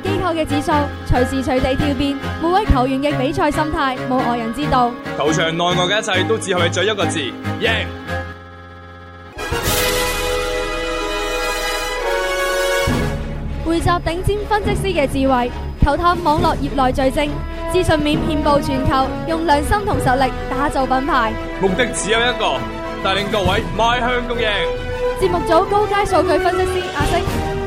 機構嘅指數隨時隨地跳變，每位球員嘅比賽心態冇外人知道。球場內外嘅一切都只係在一個字：贏。匯集頂尖分析師嘅智慧，球探網絡業內最精，資訊面遍佈全球，用良心同實力打造品牌。目的只有一個，帶領各位邁向共贏。節目組高階數據分析師阿星。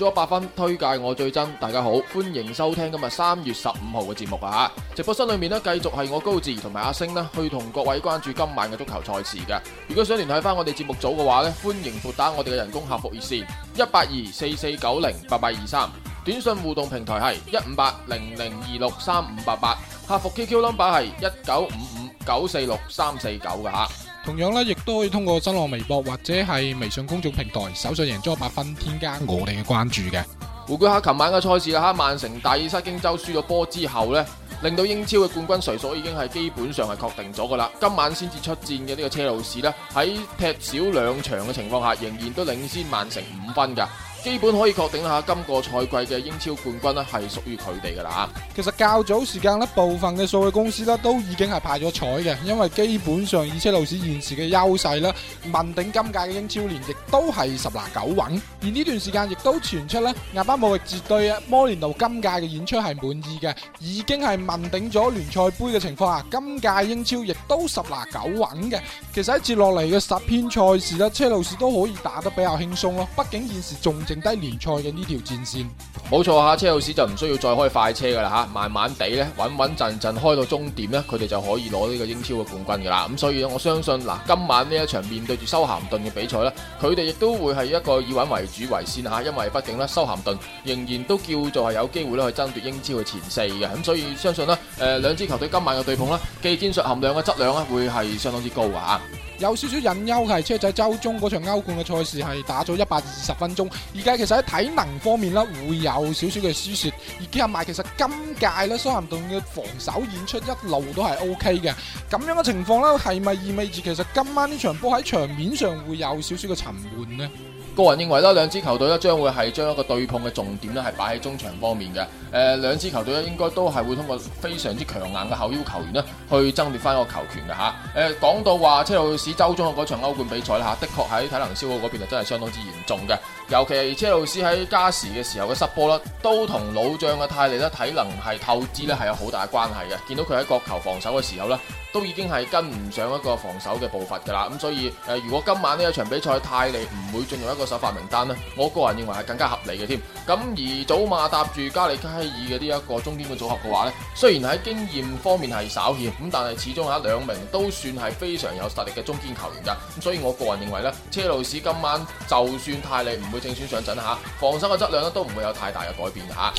贏足 100FUN，推介我最真。大家好，歡迎收聽今日三月十五號嘅節目啊！直播室裏面咧，繼續係我高志同埋阿星啦，去同各位關注今晚嘅足球賽事嘅。如果想聯繫翻我哋節目組嘅話咧，歡迎撥打我哋嘅人工客服熱線一八二四四九零八八二三，短信互動平台係一五八零零二六三五八八，客服 QQ number 係一九五五九四六三四九嘅吓。同樣咧，亦都可以通過新浪微博或者係微信公眾平台搜索贏足 100FUN，添加我哋嘅關注嘅。回顧下琴晚嘅賽事啦，曼城大意失荊州輸咗波之後呢，令到英超嘅冠軍誰屬已經係基本上係確定咗噶啦。今晚先至出戰嘅呢個車路士呢，喺踢少兩場嘅情況下，仍然都領先曼城五分噶。基本可以確定下今個賽季嘅英超冠軍咧係屬於佢哋噶啦。其實較早時間咧，部分嘅數據公司咧都已經係派咗彩嘅，因為基本上以車路士現時嘅優勢咧，問鼎今屆嘅英超聯亦都係十拿九穩。而呢段時間亦都傳出呢，亞巴姆域絕對啊摩連奴今屆嘅演出係滿意嘅，已經係問鼎咗聯賽盃嘅情況下，今屆英超亦都十拿九穩嘅。其實喺接落嚟嘅十篇賽事啦，車路士都可以打得比較輕鬆咯，畢竟現時仲。剩低聯賽嘅呢條戰線。冇錯啊，車路士就唔需要再開快車噶啦吓，慢慢地咧穩穩陣陣開到終點咧，佢哋就可以攞呢個英超嘅冠軍噶啦。咁所以我相信嗱，今晚呢一場面對住修咸頓嘅比賽咧，佢哋亦都會係一個以穩為主為先吓，因為畢竟咧修咸頓仍然都叫做係有機會咧去爭奪英超嘅前四嘅。咁所以相信咧，誒，兩支球隊今晚嘅對碰咧，既戰術含量嘅質量咧會係相當之高啊。有少少隱憂係車仔周中嗰場歐冠嘅賽事係打咗一百二十分鐘，而家其實喺體能方面咧會有。有少少嘅輸蝕，而加埋其實今屆咧蘇咸頓嘅防守演出一路都係 O K 嘅，咁樣嘅情況咧係咪意味住其實今晚呢場波喺場面上會有少少嘅沉悶呢？個人認為咧，兩支球隊呢，將會係將一個對碰嘅重點咧係擺喺中場方面嘅，誒、呃，兩支球隊呢，應該都係會通過非常之強硬嘅後腰球員呢，去爭奪翻一個球權嘅吓，誒、呃，講到話車路士周中嗰場歐冠比賽啦吓，的確喺體能消耗嗰邊啊真係相當之嚴重嘅。尤其係車路士喺加時嘅時候嘅失波啦，都同老將嘅泰利咧體能係透支咧係有好大嘅關係嘅。見到佢喺國球防守嘅時候咧，都已經係跟唔上一個防守嘅步伐噶啦。咁所以，誒如果今晚呢一場比賽泰利唔會進入一個首發名單咧，我個人認為係更加合理嘅添。咁而祖馬搭住加利卡希爾嘅呢一個中堅嘅組合嘅話咧，雖然喺經驗方面係稍欠，咁但係始終有一兩名都算係非常有實力嘅中堅球員噶。咁所以我個人認為咧，車路士今晚就算泰利唔會，正選上陣吓，防守嘅質量咧都唔會有太大嘅改變吓。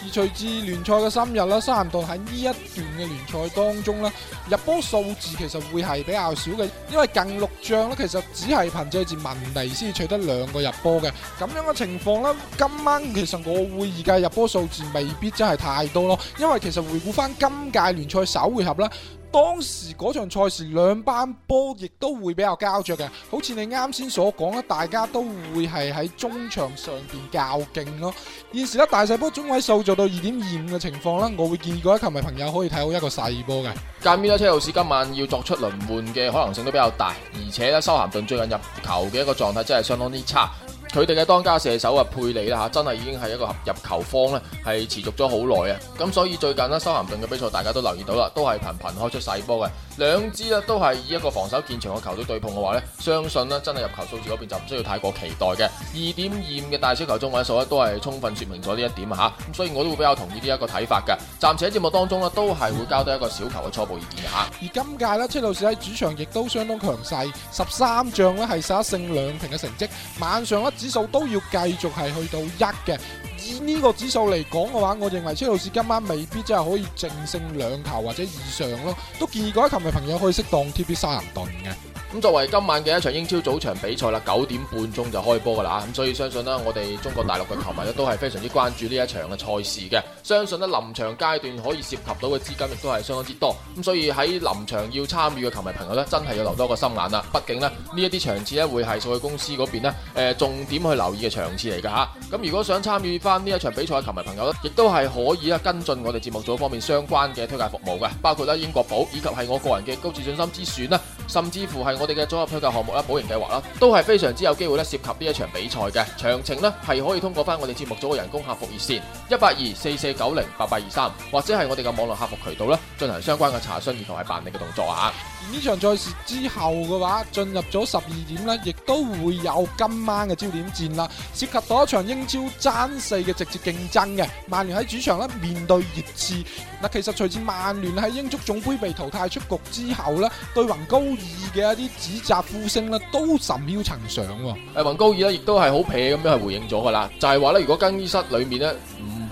而隨住聯賽嘅深入啦，三度喺呢一段嘅聯賽當中咧，入波數字其實會係比較少嘅，因為近六仗咧其實只係憑借住文尼先取得兩個入波嘅。咁樣嘅情況咧，今晚其實我會預計入波數字未必真係太多咯，因為其實回顧翻今屆聯賽首回合咧。當時嗰場賽事兩班波亦都會比較膠着嘅，好似你啱先所講啦，大家都會係喺中場上邊較勁咯。現時咧大細波中位數做到二點二五嘅情況啦，我會建議嗰啲球迷朋友可以睇好一個細波嘅。加米拉車路士今晚要作出輪換嘅可能性都比較大，而且咧，修咸頓最近入球嘅一個狀態真係相當之差。佢哋嘅當家射手啊，佩里啦真係已經係一個入球荒，咧，係持續咗好耐啊！咁所以最近咧，修咸頓嘅比賽大家都留意到啦，都係頻頻開出細波嘅。兩支咧都係以一個防守見長嘅球隊對碰嘅話咧，相信咧真係入球數字嗰邊就唔需要太過期待嘅。二點二五嘅大小球中位數咧都係充分説明咗呢一點嚇，咁所以我都會比較同意呢一個睇法嘅。暫時喺節目當中咧都係會交多一個小球嘅初步意見嚇。而今屆呢車路士喺主場亦都相當強勢，十三仗咧係十一勝兩平嘅成績，晚上咧指數都要繼續係去到一嘅。以呢個指數嚟講嘅話，我認為車路士今晚未必真係可以淨勝兩球或者以上咯，都建議各位球迷朋友可以適當貼啲沙銀頓嘅。咁作為今晚嘅一場英超早場比賽啦，九點半鐘就開波噶啦，咁所以相信呢我哋中國大陸嘅球迷咧都係非常之關注呢一場嘅賽事嘅。相信呢臨場階段可以涉及到嘅資金亦都係相當之多，咁所以喺臨場要參與嘅球迷朋友咧，真係要留多個心眼啦。畢竟咧呢一啲場次咧會係數據公司嗰邊咧誒重點去留意嘅場次嚟噶吓。咁如果想參與翻呢一場比賽嘅球迷朋友咧，亦都係可以啊跟進我哋節目組方面相關嘅推介服務嘅，包括咧英國寶以及係我個人嘅高自信心之選啦。甚至乎係我哋嘅組合推介項目啦、保盈計劃啦，都係非常之有機會咧涉及呢一場比賽嘅。詳情咧係可以通過翻我哋節目組嘅人工客服熱線一八二四四九零八八二三，823, 或者係我哋嘅網絡客服渠道咧進行相關嘅查詢，以及係辦理嘅動作啊。呢場賽事之後嘅話，進入咗十二點咧，亦都會有今晚嘅焦點戰啦，涉及到一場英超爭四嘅直接競爭嘅。曼聯喺主場咧面對熱刺。嗱，其實隨住曼聯喺英足總杯被淘汰出局之後咧，對云高。啊、高二嘅一啲指責呼聲咧，都甚囂塵上。誒，雲高爾咧，亦都係好撇咁樣係回應咗噶啦，就係話咧，如果更衣室裏面咧。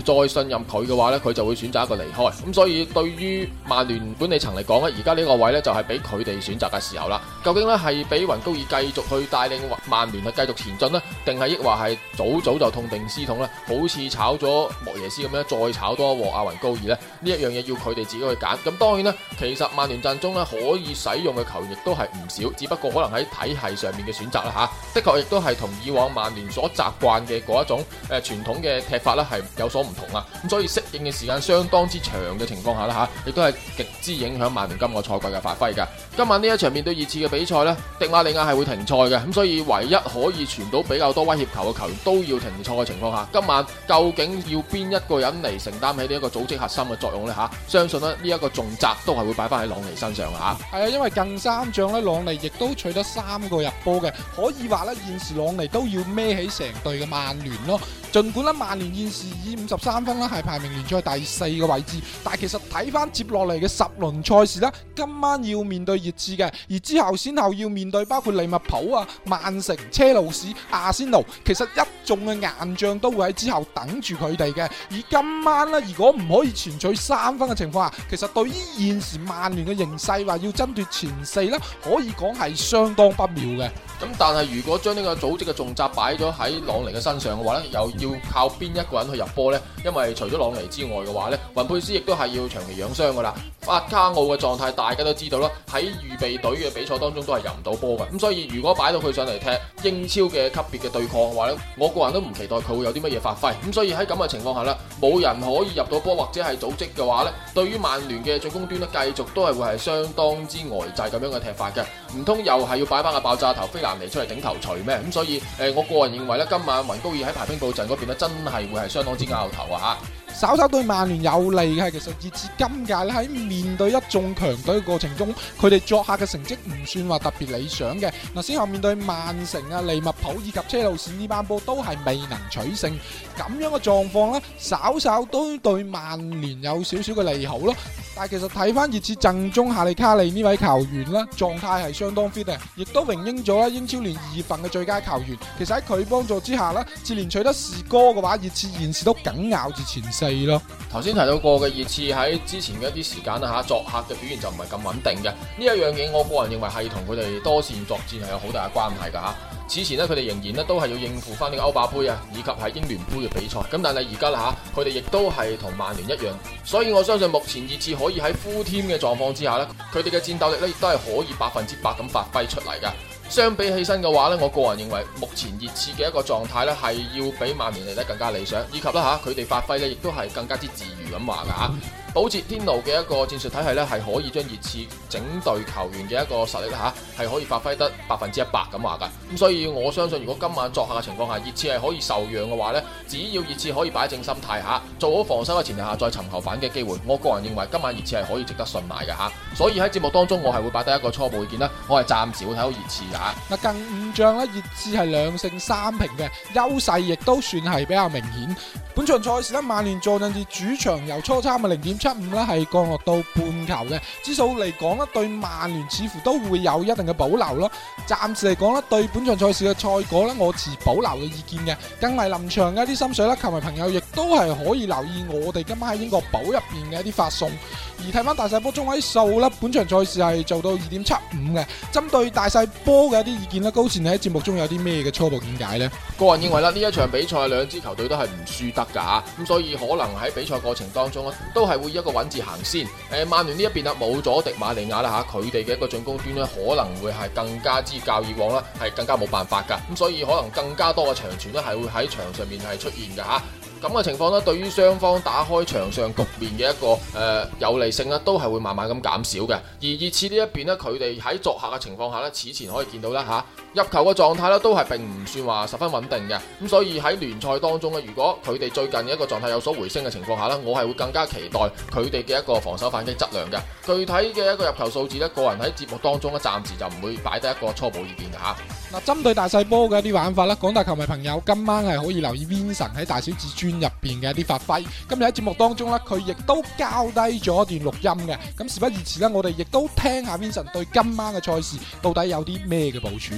再信任佢嘅話，呢佢就會選擇一個離開。咁所以對於曼聯管理層嚟講，呢而家呢個位呢，就係俾佢哋選擇嘅時候啦。究竟是呢，係俾雲高爾繼續去帶領曼聯去繼續前進咧，定係抑或係早早就痛定思痛咧？好似炒咗莫耶斯咁樣，再炒多鑊阿雲高爾呢？呢一樣嘢要佢哋自己去揀。咁當然咧，其實曼聯陣中呢，可以使用嘅球員亦都係唔少，只不過可能喺體系上面嘅選擇啦吓，的確亦都係同以往曼聯所習慣嘅嗰一種誒傳統嘅踢法咧係有所唔。同、嗯、啊，咁所以適應嘅時間相當之長嘅情況下呢吓，亦、啊、都係極之影響曼聯今個賽季嘅發揮噶今晚呢一場面對熱刺嘅比賽呢，迪馬利亞係會停賽嘅，咁、啊、所以唯一可以傳到比較多威脅球嘅球員都要停賽嘅情況下，今晚究竟要邊一個人嚟承擔起呢一個組織核心嘅作用呢？吓、啊，相信咧呢一、這個重責都係會擺翻喺朗尼身上啊。係啊，因為近三仗呢，朗尼亦都取得三個入波嘅，可以話呢，現時朗尼都要孭起成隊嘅曼聯咯。盡管咧曼聯現時以五十。三分啦，係排名聯賽第四個位置，但係其實睇翻接落嚟嘅十輪賽事呢，今晚要面對熱刺嘅，而之後先後要面對包括利物浦啊、曼城、車路士、阿仙奴，其實一眾嘅硬仗都會喺之後等住佢哋嘅。而今晚呢，如果唔可以全取三分嘅情況下，其實對於現時曼聯嘅形勢話要爭奪前四呢，可以講係相當不妙嘅。咁但係如果將呢個組織嘅重責擺咗喺朗尼嘅身上嘅話呢，又要靠邊一個人去入波呢？因為除咗朗尼之外嘅話咧，雲佩斯亦都係要長期養傷噶啦。阿、啊、法卡奧嘅狀態大家都知道啦，喺預備隊嘅比賽當中都係入唔到波嘅。咁所以如果擺到佢上嚟踢英超嘅級別嘅對抗嘅話咧，我個人都唔期待佢會有啲乜嘢發揮。咁所以喺咁嘅情況下咧，冇人可以入到波或者係組織嘅話咧，對於曼聯嘅進攻端咧，繼續都係會係相當之呆滯咁樣嘅踢法嘅。唔通又係要擺翻個爆炸頭飛蘭尼出嚟頂頭錘咩？咁所以誒，我個人認為咧，今晚雲高爾喺排兵布陣嗰邊咧，真係會係相當之拗頭啊吓！稍稍對曼聯有利嘅係，其實截至今屆咧，喺面對一眾強隊嘅過程中，佢哋作客嘅成績唔算話特別理想嘅。嗱，先後面對曼城啊、利物浦以及車路士呢班波都係未能取勝，咁樣嘅狀況咧，稍稍都對曼聯有少少嘅利好咯。但其實睇翻熱刺陣中夏利卡利呢位球員啦，狀態係相當 fit 嘅，亦都榮膺咗啦英超聯二月份嘅最佳球員。其實喺佢幫助之下呢熱刺接連取得士哥嘅話，熱刺現時都緊咬住前四咯。頭先提到過嘅熱刺喺之前嘅一啲時間啊吓，作客嘅表現就唔係咁穩定嘅。呢一樣嘢我個人認為係同佢哋多線作戰係有好大嘅關係噶吓。此前呢，佢哋仍然呢都係要應付翻呢個歐霸杯啊，以及係英聯杯嘅比賽。咁但係而家吓，佢哋亦都係同曼聯一樣，所以我相信目前熱刺可。可以喺呼添嘅狀況之下呢，佢哋嘅戰鬥力呢亦都係可以百分之百咁發揮出嚟嘅。相比起身嘅話呢，我個人認為目前熱刺嘅一個狀態呢係要比曼聯嚟得更加理想，以及啦嚇佢哋發揮呢亦都係更加之自如咁話嘅嚇。好似天奴嘅一個戰術體系呢，係可以將熱刺整隊球員嘅一個實力吓，係可以發揮得百分之一百咁話噶。咁所以我相信，如果今晚作客嘅情況下，熱刺係可以受讓嘅話呢，只要熱刺可以擺正心態吓，做好防守嘅前提下，再尋求反擊嘅機會，我個人認為今晚熱刺係可以值得信賴嘅吓。所以喺節目當中，我係會擺低一個初步意見啦，我係暫時會睇好熱刺嘅吓。嗱，近五仗呢，熱刺係兩勝三平嘅，優勢亦都算係比較明顯。本場賽事呢，曼聯坐陣至主場，由初參嘅零點七五啦，係降落到半球嘅，至少嚟講呢對曼聯似乎都會有一定嘅保留咯。暫時嚟講呢對本場賽事嘅賽果呢，我持保留嘅意見嘅。更係臨場嘅一啲心水啦，球迷朋友亦都係可以留意我哋今晚喺英國寶入邊嘅一啲發送。而睇翻大細波中位數咧，本場賽事係做到二點七五嘅。針對大細波嘅一啲意見呢，高賢喺節目中有啲咩嘅初步見解呢？個人認為呢，呢一場比賽兩支球隊都係唔輸得噶，咁所以可能喺比賽過程當中咧，都係會。一個穩字行先，誒，曼聯呢一邊啊，冇咗迪馬利亞啦吓，佢哋嘅一個進攻端咧，可能會係更加之較以往啦，係更加冇辦法噶，咁所以可能更加多嘅長傳咧，係會喺場上面係出現噶吓。咁嘅情況呢，對於雙方打開場上局面嘅一個誒、呃、有利性呢，都係會慢慢咁減少嘅。而熱刺呢一邊呢，佢哋喺作客嘅情況下呢，此前可以見到咧嚇，入球嘅狀態呢，都係並唔算話十分穩定嘅。咁所以喺聯賽當中呢，如果佢哋最近嘅一個狀態有所回升嘅情況下呢，我係會更加期待佢哋嘅一個防守反擊質量嘅。具體嘅一個入球數字呢，個人喺節目當中呢，暫時就唔會擺低一個初步意見嘅。嗱，針對大細波嘅一啲玩法啦，廣大球迷朋友，今晚係可以留意 Vincent 喺大小至尊入邊嘅一啲發揮。今日喺節目當中咧，佢亦都交低咗一段錄音嘅。咁事不宜遲咧，我哋亦都聽一下 Vincent 對今晚嘅賽事到底有啲咩嘅部署。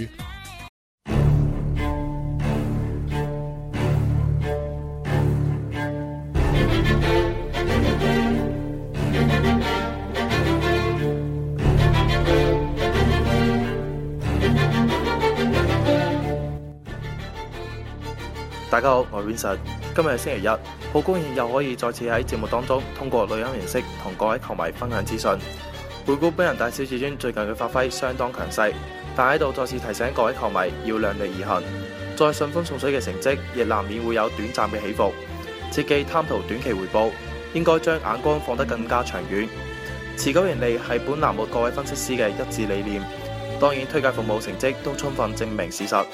大家好，我係 Vincent。今日係星期一，好高興又可以再次喺節目當中通過錄音形式同各位球迷分享資訊。回顧本人大小至尊最近嘅發揮相當強勢，但喺度再次提醒各位球迷要量力而行。再順風順水嘅成績亦難免會有短暫嘅起伏，切忌貪圖短期回報，應該將眼光放得更加長遠。持久盈利係本欄目各位分析師嘅一致理念，當然推介服務成績都充分證明事實。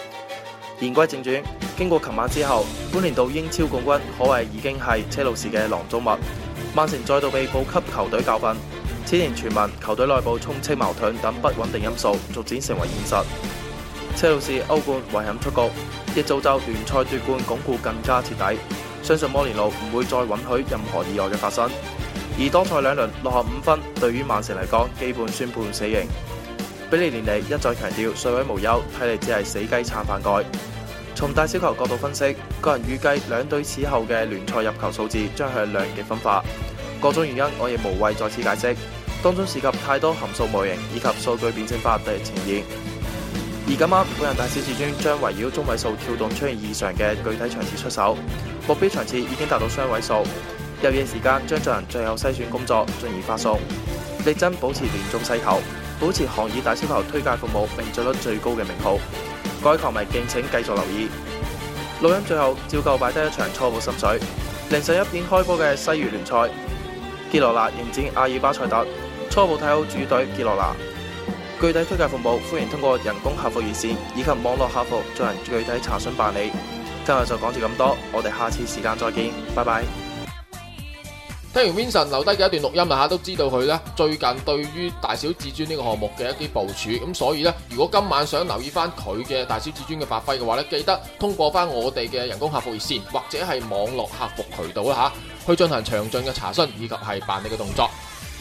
言歸正傳，經過琴晚之後，本年度英超冠軍可謂已經係車路士嘅囊中物。曼城再度被保級球隊教訓，此前傳聞球隊內部充斥矛盾等不穩定因素，逐漸成為現實。車路士歐冠遺憾出局，亦造就聯賽奪冠鞏固更加徹底。相信摩連奴唔會再允許任何意外嘅發生。而當賽兩輪落後五分，對於曼城嚟講，基本宣判死刑。比利連嚟一再強調水位無憂，睇嚟只係死雞撐飯蓋。從大小球角度分析，個人預計兩隊此後嘅聯賽入球數字將向兩極分化。各種原因我亦無謂再次解釋，當中涉及太多函數模型以及數據辯證法等呈現。而今晚本人大小至尊將圍繞中位數跳動出現異常嘅具體場次出手，目標場次已經達到雙位數。入夜時間將進行最後篩選工作，進而發送，力爭保持連中細球。保持行業大銷售推介服務命中率最高嘅名號，各位球迷敬請繼續留意。錄音最後，照舊擺低一場初步心水，凌晨一點開波嘅西乙聯賽，傑羅納迎戰阿爾巴塞特，初步睇好主隊傑羅納。具體推介服務歡迎通過人工客服熱線以及網絡客服進行具體查詢辦理。今日就講住咁多，我哋下次時間再見，拜拜。聽完 Vincent 留低嘅一段錄音啦吓，都知道佢咧，最近對於大小至尊呢個項目嘅一啲部署。咁所以咧，如果今晚想留意翻佢嘅大小至尊嘅發揮嘅話咧，記得通過翻我哋嘅人工客服熱線或者係網絡客服渠道啦吓，去進行詳盡嘅查詢以及係辦理嘅動作。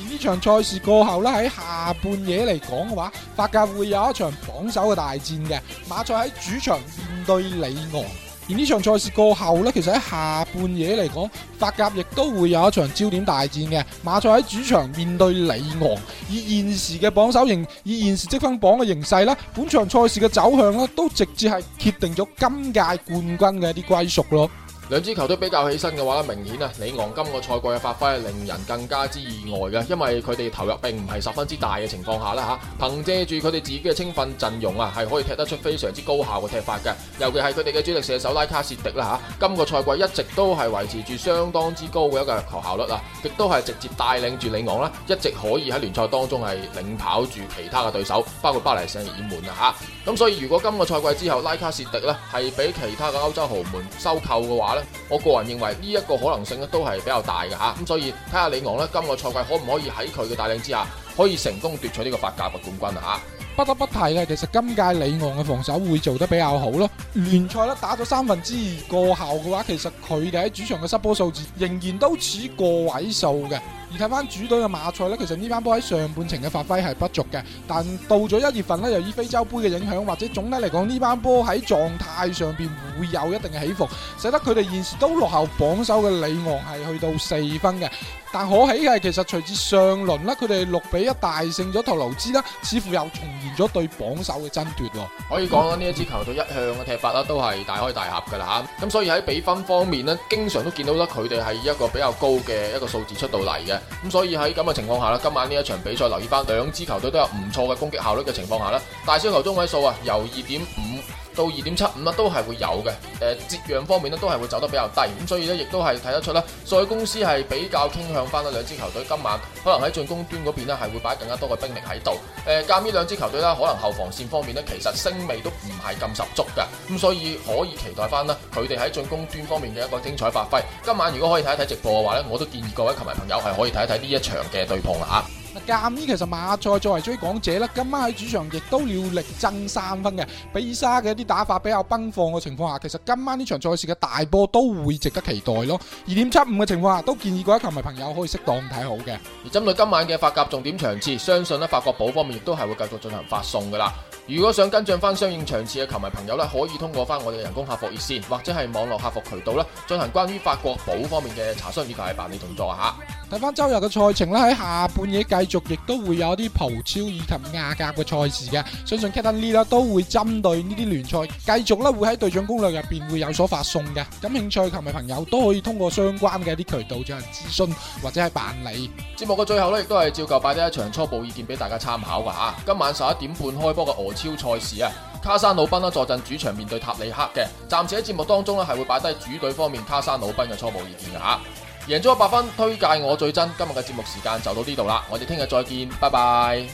而呢場賽事過後咧，喺下半夜嚟講嘅話，法甲會有一場榜首嘅大戰嘅，馬賽喺主場面對里昂。而呢場賽事過後呢，其實喺下半夜嚟講，法甲亦都會有一場焦點大戰嘅馬賽喺主場面對里昂。以現時嘅榜首形，以現時積分榜嘅形勢呢，本場賽事嘅走向都直接係決定咗今屆冠軍嘅一啲歸屬咯。兩支球隊比較起身嘅話咧，明顯啊，里昂今個賽季嘅發揮係令人更加之意外嘅，因為佢哋投入並唔係十分之大嘅情況下啦吓，憑借住佢哋自己嘅青訓陣容啊，係可以踢得出非常之高效嘅踢法嘅。尤其係佢哋嘅主力射手拉卡士迪啦吓，今個賽季一直都係維持住相當之高嘅一個入球效率啊，亦都係直接帶領住里昂啦，一直可以喺聯賽當中係領跑住其他嘅對手，包括巴黎聖日耳曼啊吓。咁所以如果今個賽季之後拉卡士迪呢係俾其他嘅歐洲豪門收購嘅話，我個人認為呢一個可能性咧都係比較大嘅吓，咁所以睇下里昂咧今個賽季可唔可以喺佢嘅帶領之下，可以成功奪取呢個法甲嘅冠軍啊！不得不提咧，其實今屆里昂嘅防守會做得比較好咯，聯賽咧打咗三分之二過後嘅話，其實佢哋喺主場嘅失波數字仍然都似個位數嘅。而睇翻主隊嘅馬賽呢，其實呢班波喺上半程嘅發揮係不俗嘅，但到咗一月份咧，由於非洲杯嘅影響，或者總體嚟講，呢班波喺狀態上邊會有一定嘅起伏，使得佢哋現時都落後榜首嘅里昂係去到四分嘅。但可喜嘅係，其實隨住上輪咧，佢哋六比一大勝咗圖盧茲啦，似乎又重現咗對榜首嘅爭奪。可以講，呢一支球隊一向嘅踢法啦，都係大開大合噶啦嚇，咁所以喺比分方面咧，經常都見到得佢哋係一個比較高嘅一個數字出到嚟嘅。咁所以喺咁嘅情況下，今晚呢一場比賽留意返兩支球隊都有唔錯嘅攻擊效率嘅情況下，大小球中位數啊由二點五，到二點七五啦，都係會有嘅。誒，節量方面咧，都係會走得比較低。咁所以咧，亦都係睇得出啦。賽公司係比較傾向翻啦，兩支球隊今晚可能喺進攻端嗰邊咧，係會擺更加多嘅兵力喺度。誒、呃，鑑於兩支球隊啦，可能後防線方面咧，其實聲味都唔係咁十足嘅。咁所以可以期待翻啦，佢哋喺進攻端方面嘅一個精彩發揮。今晚如果可以睇一睇直播嘅話咧，我都建議各位球迷朋友係可以睇一睇呢一場嘅對碰啦。鑒於，其實馬賽作為追廣者咧，今晚喺主場亦都要力爭三分嘅。比沙嘅一啲打法比較奔放嘅情況下，其實今晚呢場賽事嘅大波都會值得期待咯。二點七五嘅情況下，都建議各位球迷朋友可以適當睇好嘅。而針對今晚嘅法甲重點場次，相信呢法國寶方面亦都係會繼續進行發送噶啦。如果想跟進翻相應場次嘅球迷朋友咧，可以通過翻我哋人工客服熱線或者係網絡客服渠道啦，進行關於法國保方面嘅查詢，以及係辦理動作吓。睇翻周日嘅賽程咧，喺下半夜繼續亦都會有啲葡超以及亞甲嘅賽事嘅，相信 Captain Lee 啦都會針對呢啲聯賽繼續咧會喺隊長攻略入邊會有所發送嘅，感興趣嘅球迷朋友都可以通過相關嘅啲渠道進行諮詢或者係辦理。節目嘅最後咧，亦都係照舊擺低一場初步意見俾大家參考㗎吓。今晚十一點半開波嘅超賽事啊，卡山魯賓啦坐陣主場面對塔利克嘅，暫時喺節目當中咧係會擺低主隊方面卡山魯賓嘅初步意見噶吓，贏足 100FUN，推介我最真，今日嘅節目時間就到呢度啦，我哋聽日再見，拜拜。